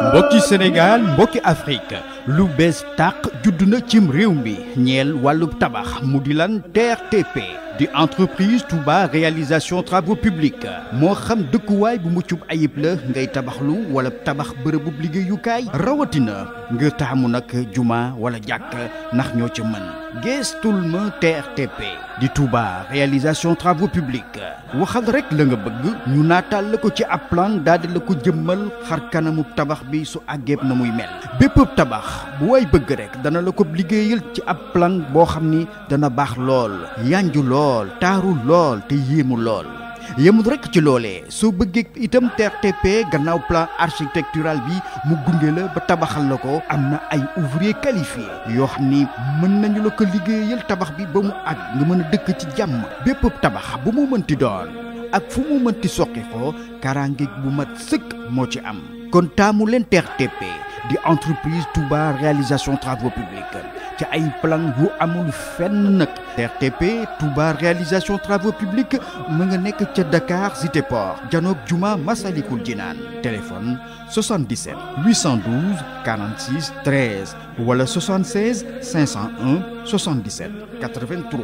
mbokki Sénégal mbokki Afrique lu bees tàq judd na cim réew mi ñeel wàllu tabax mu di lan TRTP di entreprise Touba réalisation travaux publics moo xam dëkkuwaay bu muccub ayib la ngay tabaxlu wala tabax bërëbub liggéeyukaay rawatina ngir taamu nag juma wala jàkk ndax ñoo ci mën Gestoulma TRTP di Touba réalisation travaux publics waxal rek la nga bëgg ñu naataal la ko ci ab plan daal di la ko jëmmal xar kanamu tabax bi su àggeeb na muy mel bépp tabax bu way bëgg rek dana la ko liggéeyal ci ab plan boo xam ni dana baax lool yanju lool taaru lool te yéemu lool yemul rek ci loolee soo bëggee itam teppee gannaaw plan architectural bi mu gunge la ba tabaxal la ko am na ay ouvrier qualifié yoo xam ni mën nañu la ko liggéeyal tabax bi ba mu àgg nga mën a dëkk ci jàmm bépp tabax bu mu mënti doon ak fu mu mënti soqi ko karangeeg bu mat sëkk moo ci am kon taamu leen TRTP di entreprise Touba réalisation travaux publics ci ay plan gu amul fenn nag RTP Touba réalisation travaux publics mu nga nekk ca Dakar Cité Port janoog Juma Masalikul Jinaan téléphone 77 812 46 13 wala 76 501 77 83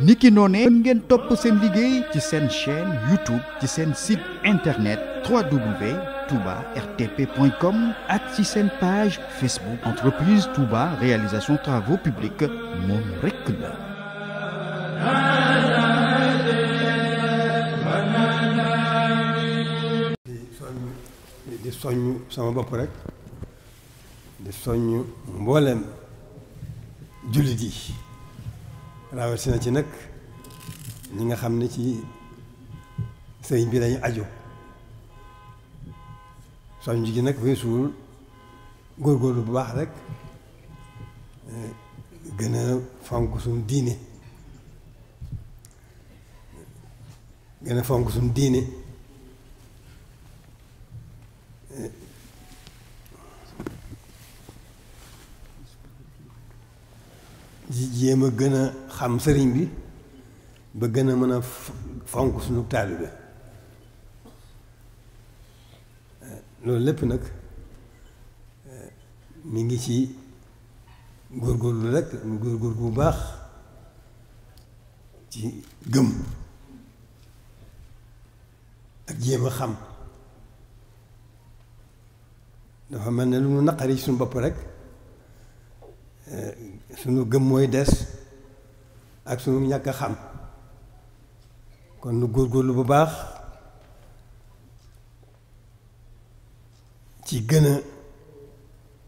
ni ki noonee mën ngeen topp seen liggéey ci seen chaîne YouTube ci seen site internet www touba rtp com ak ci seen page Facebook entreprise touba réalisation travaux publics moom rekk la di soññ sama bopp rek di soññ mbooleem jullit yi rawatina ci nag ñi nga xam ne ci sëriñ bi dañu aju soññ ji nag weesuwul góorgóorlu bu baax rek eh, gën a fonk suñu diine gën a fonk suñu diine eh, ji jéem a gën a xam sëriñ bi ba gën a mën a fonk suñu taalibe loolu lépp nag eh, mi ngi ci góorgóorlu rek mu góorgóorlu bu baax ci gëm ak jéem a xam dafa mel ne lu mu naqari suñu bopp rek eh, suñu gëm mooy des ak suñu ñàkk a xam kon nu góorgóorlu bu baax ci gëna a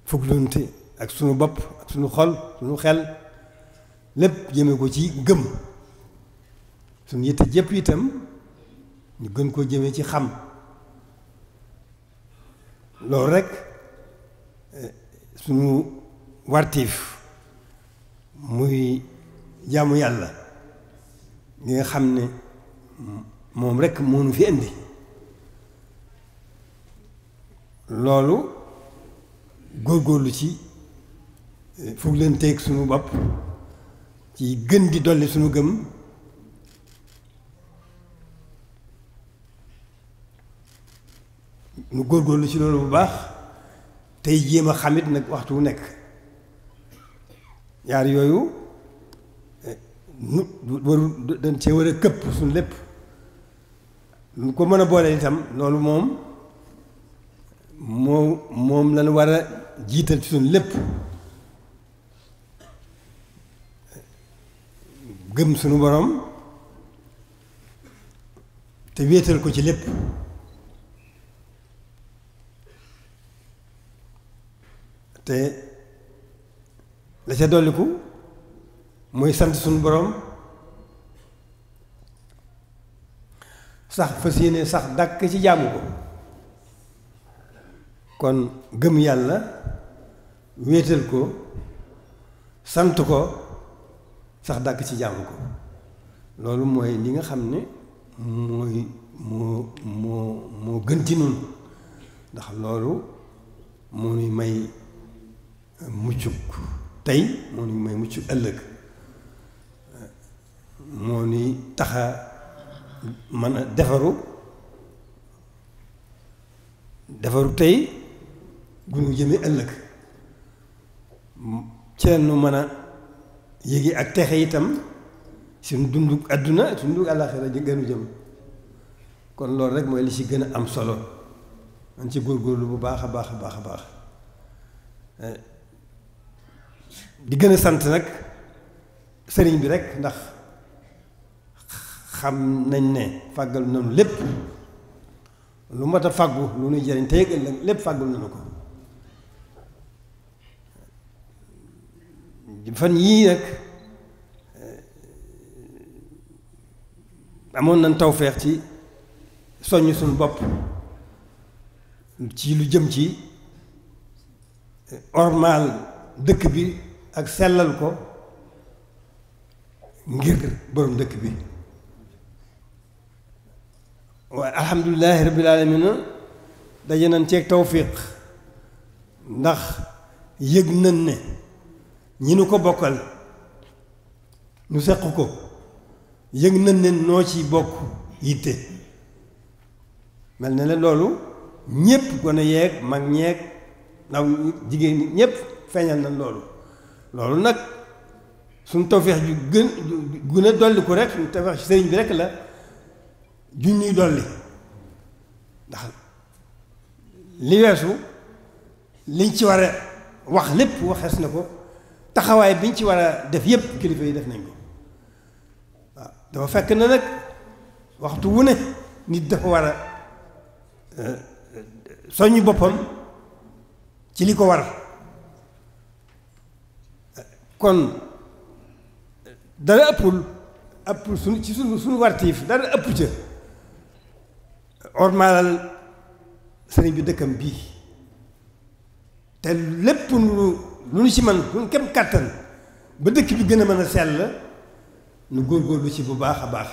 fuglunte ak sunu bopp ak sunu xol sunu xel lépp jëme ko ci gëm sunu yitte jëpp itam ñu gën koo jëme ci xam loolu rekk eh, sunu wartiif muy jaamu yàlla li nga xam ne moom rek moo fi indi loolu góorgóorlu ci fug leen teg sunu bopp ci gën gi dolli sunu gëm nu góorgóorlu ci loolu bu baax tey jéem a xamit nag waxtu wu nekk yaar yooyu nu waru dañ cee war a këpp suñu lépp nu ko mën a boole itam loolu moom moom moom lañ war a jiital ci suñu lépp gëm suñu borom te wéetal ko ci lépp te la ca dolliku mooy sant suñu borom sax fas yéene sax dàkk ci jaamu ko kon gëm yàlla wéetal ko sant ko sax dàkk ci jaamu ko loolu mooy li nga xam ne mooy moo moo moo gën ci nun ndax loolu moo nuy may muccuk tey moo nuy may muccuk ëllëg moo nuy taxa mën a defaru defaru tey gu ñu ëllëg ci nu mën a yéegi ak texe itam suñ dundu àdduna suñ dundu àllaaxira gënu jëm kon loolu rek mooy li ci gën a am solo man ci góorgóorlu bu baax a baax a baax a baax di gën a sant nag sëriñ bi rek ndax xam nañ ne fàggal nañu lépp lu mat a fàggu lu nuy jëriñ tey ëllëg lépp fàggul nañu ko fan yii nag eh, amoon nañ tawfeex ci soññ suñu bopp ci lu jëm ci eh, ormaal dëkk bi ak sellal ko ngir borom dëkk bi waaye alhamdulilahi rabbil alamina daje nañ ceeg tawfiq ndax yëg nañ ne ñu nu ko bokkal nu sequ ko yëg nañ ne noo ci bokk yitte mel na ne loolu ñépp gone yeeg mag ñeeg ndaw jigéen ñi ñépp feeñal na loolu loolu nag suñ tawfeex ju gën gën a dolli ko rek suñ tawfeex ci sëriñ bi rek la juñ ñuy dolli ndax li weesu liñ ci war a wax lépp waxees na ko taxawaay biñ ci war a def yépp kilifa yi def nañ ko ah, dafa fekk na nag waxtu wu ne nit dafa war a eh, soññ boppam ci li ko war kon dara ëppul ëppul suñu ci suñu suñu wartiif dara ëpp ca ormaalal sëriñ bi dëkkam bii te lépp nu lu nu ci man suñ kem kàttan ba dëkk bi gën a mën a sell nu góorgóorlu ci bu baax a baax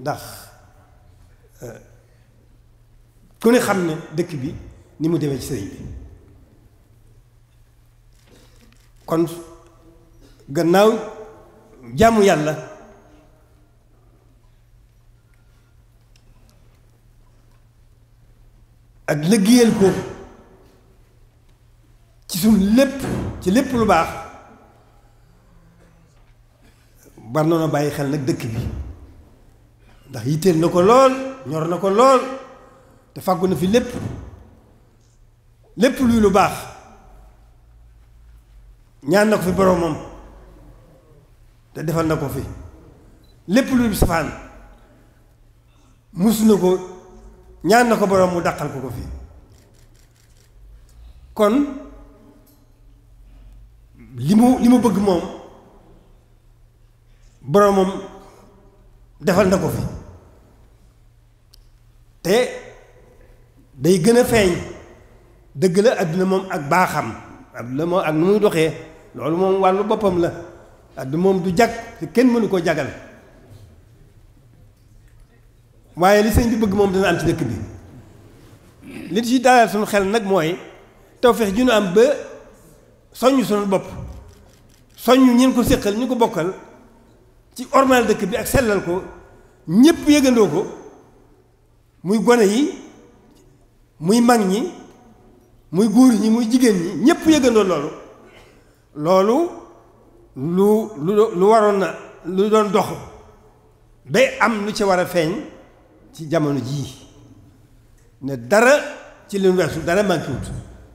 ndax euh, ku ne xam ne dëkk bi ni mu demee ci sëriñ bi kon gannaaw jaamu yàlla ak liggéeyal ko ci suñ lépp ci lépp lu baax war na noo bàyyi xel nag dëkk bi ndax yitteel na ko lool ñor na ko lool te fàggu na fi lépp lépp luy lu baax ñaan na ko fi boromam te defal na ko fi lépp luy safaan mus na ko ñaan na ko borom mu daqal ko ko fi kon li mu li mu bëgg moom boroomam defal na ko fi te day gën a feeñ dëgg la àdduna moom ak baaxam àdduna moom ak nu muy doxee loolu moom wàllu boppam la àdduna moom du jag te kenn mënu ko jagal waaye li sëñ bi bëgg moom dana am ci dëkk bi li ci dalal suñu xel nag mooy tawfeex ju ñu am ba soññ sunu bopp soññ ñeen ko séqal ñu ko bokkal ci ormal dëkk bi ak sellal ko ñépp yëgandoo ko muy gone yi muy mag ñi muy góor ñi muy jigéen ñi ñépp yëgandoo loolu loolu lu lu waroon na lu doon dox bay am lu ci war a feeñ ci jamono jii ne dara ci leen weesu dara manqué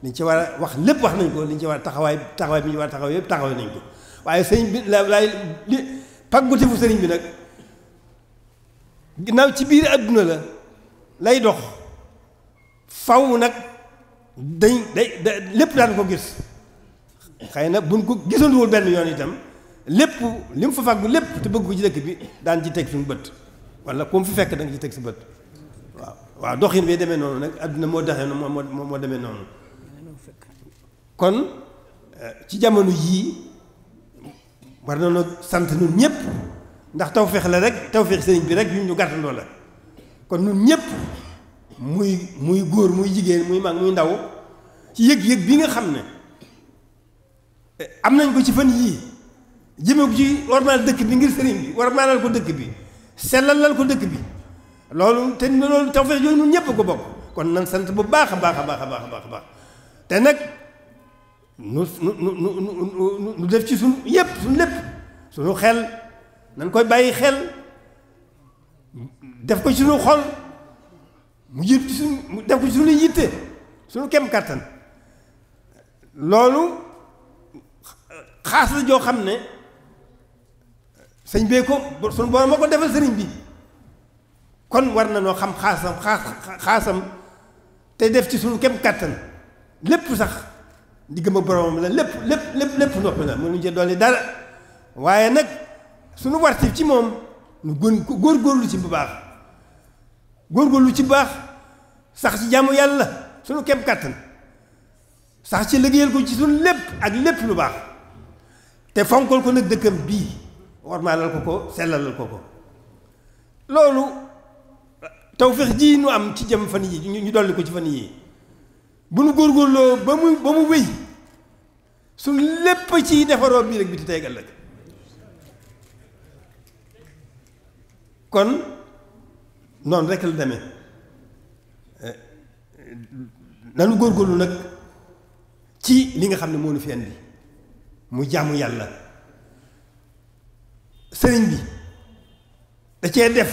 liñ ci war a wax lépp wax nañ ko li ci war a taxawaay taxawaay bi ñu war a taxaw yëpp taxawaay nañ ko waaye sëñ bi la laay li pàggute fu sëriñ bi nag ginnaaw ci biir adduna la lay dox faw nag dañ day lépp daan ko gis xëy na buñ ko gisanduwul benn yoon itam lépp li mu fa fàggu lépp te bëgg ko ci dëkk bi daan ci teg suñu bët wala comme fi fekk da ci teg si bët waa dox waaw doxin bi demee noonu nag adduna moo doxee moo moo moo demee noonu kon euh, ci jamono yii war nañoo sant ñun ñëpp ndax tawféex la rek tawféex sëriñ bi rek yu ñu gàttandoo la kon ñun ñëpp muy muy góor muy jigéen muy mag muy ndaw ci yëg-yëg bi nga xam ne am nañ ko ci fan yii jëme ko ci warmaal dëkk bi ngir sëriñ bi warmaalal ko dëkk bi lal ko dëkk bi loolu te loolu tawféex yooyu ñun ñëpp ko bokk kon nan sant bu baax a baax a baax a baax a baax te nag. nu nu nu nu def ci suñu yépp suñu lépp suñu xel nañ koy bàyyi xel def ko ci suñu xol mu yit mu def ko ci suñu yitte suñu kem kàttan loolu xaas joo xam ne sëñ bee ko suñu borom moo ko defal sëriñ bi kon war na noo xam xaasam xaasam te def ci suñu kem kàttan lépp sax diggam ak boromam la lépp lépp lépp lépp noppi la mënuñu ci dolli dara waaye nag suñu wartif ci moom nu gën góor góorlu ci bu baax góorgóorlu ci bu baax sax ci jàmm yàlla suñu képp kàttan sax ci liggéeyal ko ci suñu lépp ak lépp lu baax te fonkal ko nag dëkkam bii lal ko ko sellalal ko ko loolu tawfeex ji nu am ci jëm fan yi ñu dolli ko ci fan yi bu nu góorgóorloo ba mu ba mu wéy suñ lépp ci defaroo bii rek bi ti tey kon noonu rek la demee eh, nanu góorgóorlu nag ci li nga xam ne moo nu fi mu jàmm yàlla sëriñ bi da cee def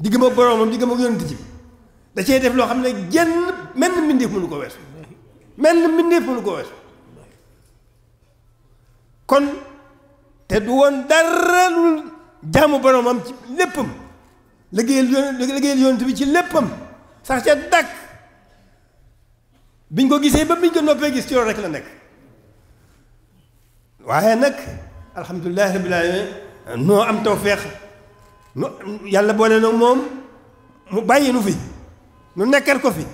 diggam ak boroomam diggam ak yonent ci da cee def loo xam ne jenn menn mbindeef mënu ko weesu menn mbindeef mënu ko weesu kon te du woon dara lu jaamu boroomam ci léppam liggéeyal yoon liggéeyal yonent bi ci léppam sax ca dàkk biñ ko gisee ba biñ ko noppee gis ci loolu rek la nekk waaye nag alhamdulilahi rabbil alamin noo am tawfeex nu yàlla boole nag moom mu bàyyi nu fi nu nekkal ko fi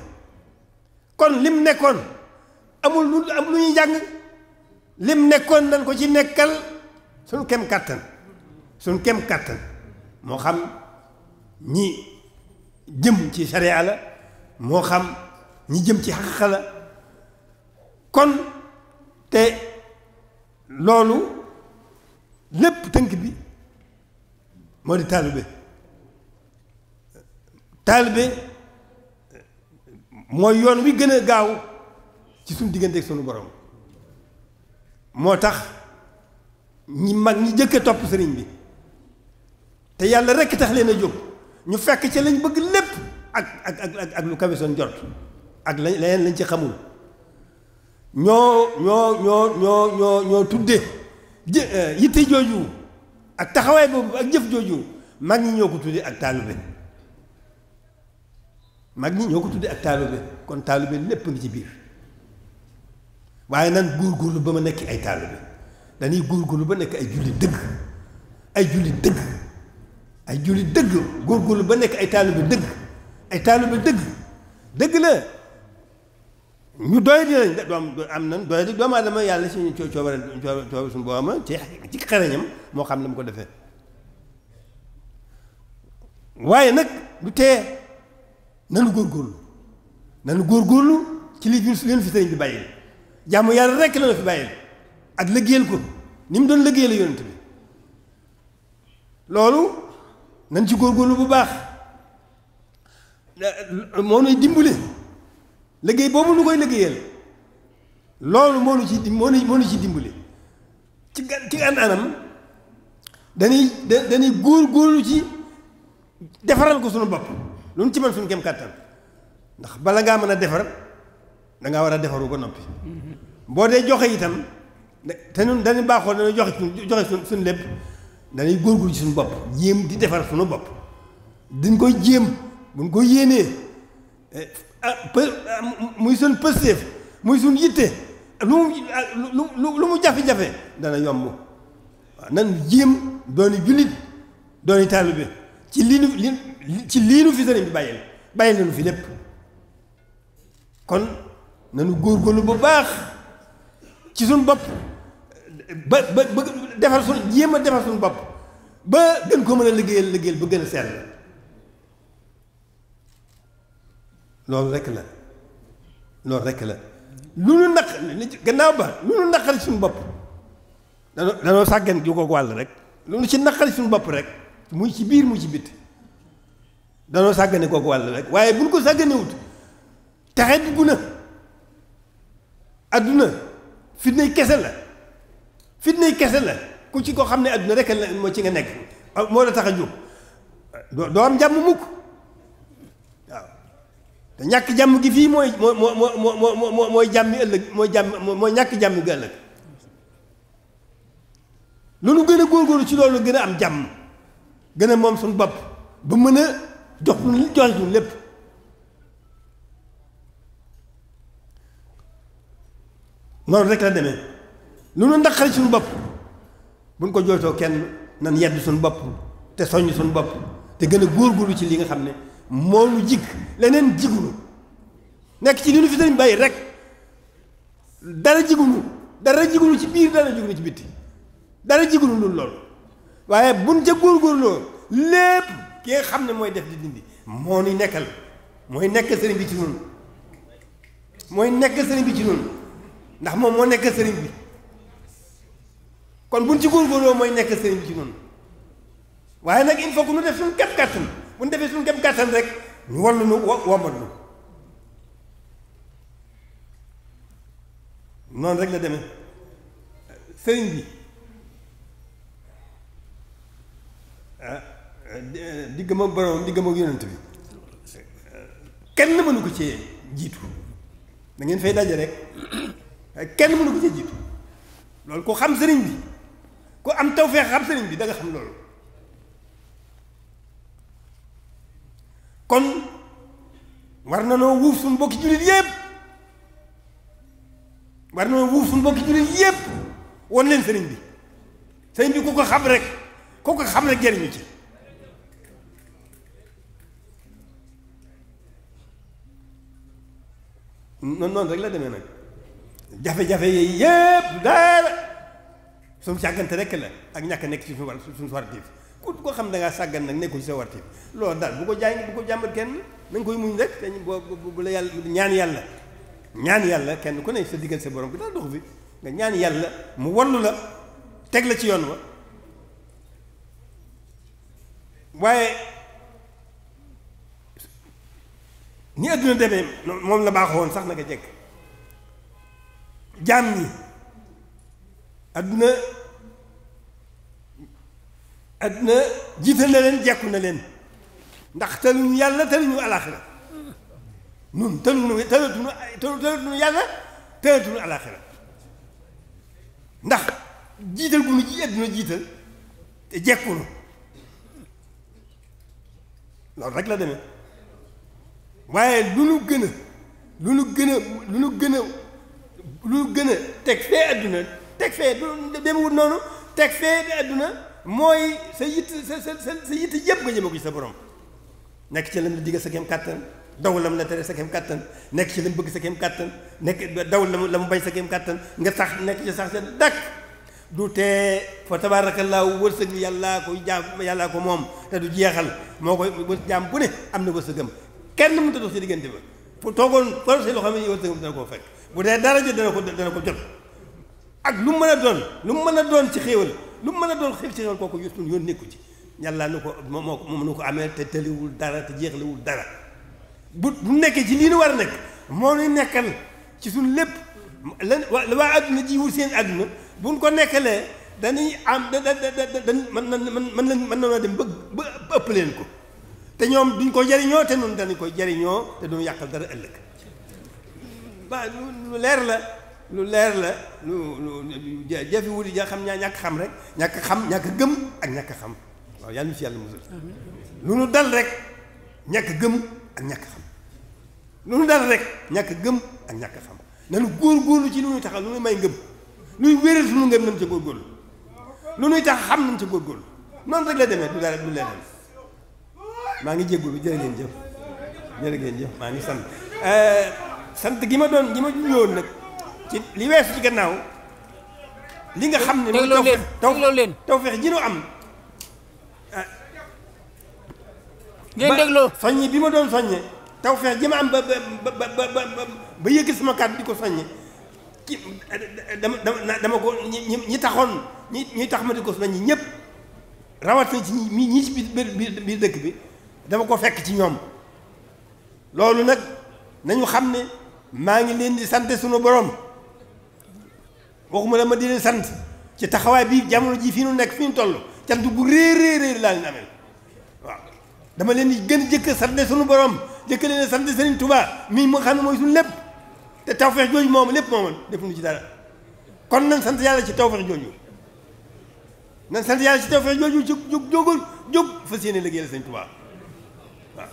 kon lim nekkoon amul lu am lu ñuy jàng lim nekkoon dañ ko ci nekkal suñ kem kàttan suñ kem kàttan moo xam ñi jëm ci sariya la moo xam ñi jëm ci xaq la kon te loolu lépp tënk bi moo di taalibe taalibe moo yoon wi gën a gaaw ci suñu digganteek ak suñu borom moo tax ñi mag ñi jëkk a topp sëriñ bi te yàlla rekk tax leen a jóg ñu fekk ci lañ bëgg lépp ak ak ak ak lu kawe seen jot ak lañ leneen lañ ci xamul ñoo ñoo ñoo ñoo ñoo tudde jë euh, yitte jooju ak taxawaay boobu ak jëf jooju mag ñi ñoo ko tudde ak bi mag ñi ñoo ko tudde ak taalibe kon taalibe lépp ngi ci biir waaye nan góorgóorlu ba ma nekk ay taalibe dañuy góorgóorlu ba nekk ay julli dëgg ay julli dëgg ay julli dëgg ba nekk ay taalibe dëgg ay taalibe dëgg dëgg la ñu doy di lañ doom am nan doy di doomu aadama yàlla suñu coobare coobare suñu boobama ci ci xereñam moo xam ne mu ko defee waaye nag du tee nanu góorgóorlu nanu góorlu ci li leen fi sëriñ bi bàyyil jàmm yàlla rekk la fi bàyyil ak liggéeyal ko ni mu doon liggéeyal yonent bi loolu nañ ci góor góorgóorlu bu baax moo nuy dimbali liggéey boobu nu koy liggéeyal loolu moo nu ci moo nu moo nu ci dimbali ci gan ci gan anam dañuy dañuy góorgóorlu ci defaral ko sunu bopp lu ci mën suñu kem kàttan ndax bala ngaa mën a defar da war a defaru ba noppi boo dee joxe itam te ñun dañu baaxoo dañu joxe joxe suñ suñ lépp dañuy góorgóorlu suñu bopp jéem di defar suñu bopp diñ koy jéem buñ ko yéenee eh, ah, ah, muy suñ pësteef muy suñ yitte lu mu jafe-jafe dana yomb waaw nan jéem dooni jullit dooni taalibe ci lii nu li lii nu fi sëriñ bi bàyyil bàyyil nañu fi lépp kon nanu góor góorgóorlu bu baax ci suñu bopp ba ba ba defar suñu jéem a defar suñu bopp ba gën ko mën a liggéeyal liggéeyal ba gën a sell loolu rekk la loolu rekk la lu nu naq gannaaw ba lu nu naqari suñu bopp danoo danoo sàggan ju ko wàll rek lu nu ci naqari suñu bopp rek muy ci biir mu ci bitt danoo sàggane kooku wàll rek waaye buñ ko sàgganewut taxe bi guna adduna fitnay kese la fitnay kese la ku ci ko xam ne adduna rek la moo ci nga nekk moo la tax a jóg doo am jàmm mukk waaw te ñàkk jàmm gi fii mooy moo moo moo moo mooy jàmmi ëllëg mooy jàmm mooy ñàkk jàmm gi ëllëg lu nu gën a góorgóorlu ci loolu gën a am jàmm gën a moom suñu bopp ba mën a jox lu joxe suñu lépp noonu rekk la demee lu ndax naqari suñu bopp buñ ko jooytoo kenn nan yedd suñu bopp te soññ suñu bopp te gën a góorgóorlu ci li nga xam ne moo nu jig leneen jigunu nekk ci li nu fi sëriñ bàyyi rek dara jigunu dara jigunu ci biir dara jigunu ci bitti dara jigunu loolu loolu waaye buñ ca góorgóorloo lépp ki nga xam ne mooy def di dindi moo ni nekkal mooy nekkal sëriñ bi ci noonu mooy nekkal bi ci noonu ndax moom moo nekkal sëriñ bi kon buñ ci góorgóorloo mooy nekkal sëriñ bi ci noonu waaye nag il faut nu def suñu képp kàttan bu ñu defee suñu képp kàttan rek ñu wallu nu wombat nu noonu rek la deme sëriñ bi diggam ak borom diggam ak yonent bi kenn mënu ko cee jiitu dangeen fay daje rek kenn mënu ko ci jiitu loolu ku xam sëriñ bi ku am tawfeex xam sëriñ bi danga nga xam loolu kon war na noo wuuf suñu bokki jullit yépp war na noo wuuf suñu bokki jullit yépp won leen sëriñ bi sëriñ bi ku ko xam rek kooku ko xam ne jëriñu ci noonu rek la demee nag jafe-jafe yi yépp daara suñu sàggante rekk la ak ñàkk nekk ci suñu war suñu wartiif ku ko xam da ngaa sàggan nag nekkul sa wartiif loolu daal bu ko jaay bu ko jàmbat kenn na koy muñ rek dañ boo bu la yàlla ñaan yàlla ñaan yàlla kenn ku ne sa diggal sa borom bi daal dox fi nga ñaan yàlla mu wallu la teg la ci yoon wa waaye ni àdduna demee moom la baaxoon sax naka jekk jaam ñi àdduna àdduna jiital na leen jekku na leen ndax taluñu yàlla taluñu alaaxira nun taluñu talatuñu talatuñu yàlla talatuñu alaaxira ndax jiital bu nu ji àdduna jiital te jekkunu loolu rek la demee waaye lu nu gën a lu nu gën a lu nu gën a lu nu gën a teg fee àdduna teg fee du demewut noonu teg fee àdduna mooy sa yitt sa sa sa yitt yëpp nga jëme ko ci sa borom nekk ci lam la digga sa kem kàttan daw lam la tere sa kem kàttan nekk ci lam bëgg sa kem kàttan nekk daw lam la mu bañ sa kem kàttan nga sax nekk ci sax sa dakk du tee fa tabaarakallaahu wërsëg yàllaa ko jaam yàllaa ko moom te du jeexal moo koy jaam bu ne am na wërsëgam kenn mënut a dox si diggante ba fu toogoon kon si loo xam ne wërsëgam dana koo fekk bu dee dara jot ko dana ko jot ak lu mën a doon lu mu mën a doon ci lu mën a doon xéew ci xéewal kooku yotun yoon nekku ci yàlla nu ko moo ko moom nu ko amee te wul dara te jeexlewul dara bu bu nekkee ci lii war a nekk moo nu nekkal ci suñ lépp lan waa adduna ji wut seen adduna buñ ko nekkalee dañuy am da da da mën na mën na mën na dem ba ba ëpp leen ko te ñoom duñ ko jariñoo te nun dañu koy jariñoo te duñ yàqal dara ëllëg ba lu leer la lu leer la lu lu jafe wuti ja xam ñaa ñàkk xam rek ñàkk xam ñàkk gëm ak ñàkk xam waaw yàlla ñu si yàlla musal lu nu dal rek ñàkk gëm ak ñàkk xam lu nu dal rek ñàkk gëm ak ñàkk xam nanu góor góorlu ci lu nu taxal lu nu may ngëm luy wéral suñu ngëm nañ ca góorgóorlu lu nuy tax xam nañ ca góorgóorlu noonu rek la demee du dara du leneen maa ngi jéggulu jërë ngeen jëf jërë maa ngi sant euh, sant gi ma doon gi ma juñoon nag ci li weesu ci gannaaw li nga xam ne moom taw leen taw feex ji nu am ngeen dégloo soññi bi ma doon soññe taw feex ji ma am ba ba ba ba ba yëkki sama kàddu di ko soññe ki dama dama dama ko ñi ñi taxoon ñi ñi tax ma di ko su ñi ñëpp rawatina ci ñi ñi ci biir biir dëkk bi dama ko fekk ci ñoom loolu nag nañu xam ne maa ngi leen di sant sunu borom waxuma la ma di leen sant ci taxawaay bii jamono ji fii nu nekk fi nu toll cant bu réer réer laa leen amee waaw dama leen di gën jëkk sant sunu borom jëkk leen sant Serigne Touba mii mu xam ne mooy suñu lépp te tawfeex jooju moom lépp def defuñu ci dara kon nan sant yàlla ci tawfeex jooju nan sant yàlla ci tawfeex jooju jóg jóg jógul jóg fas yéene liggéeyal Sëñ Tuubaa waaw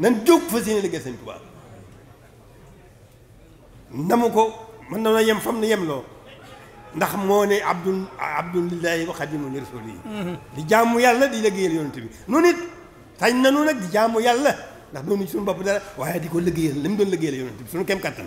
nan jóg fas yéene liggéeyal ko man na yem fam na yem loo ndax moo ne abdul abdulillahi wa xadimu li rasulihi di jaamu yàlla di liggéeyal yonent bi noonu it sañ nanu nag di jaamu yàlla ndax doonu suñu bopp dara waaye di ko liggéeyal li mu doon liggéeyal yonent bi suñu kem kattan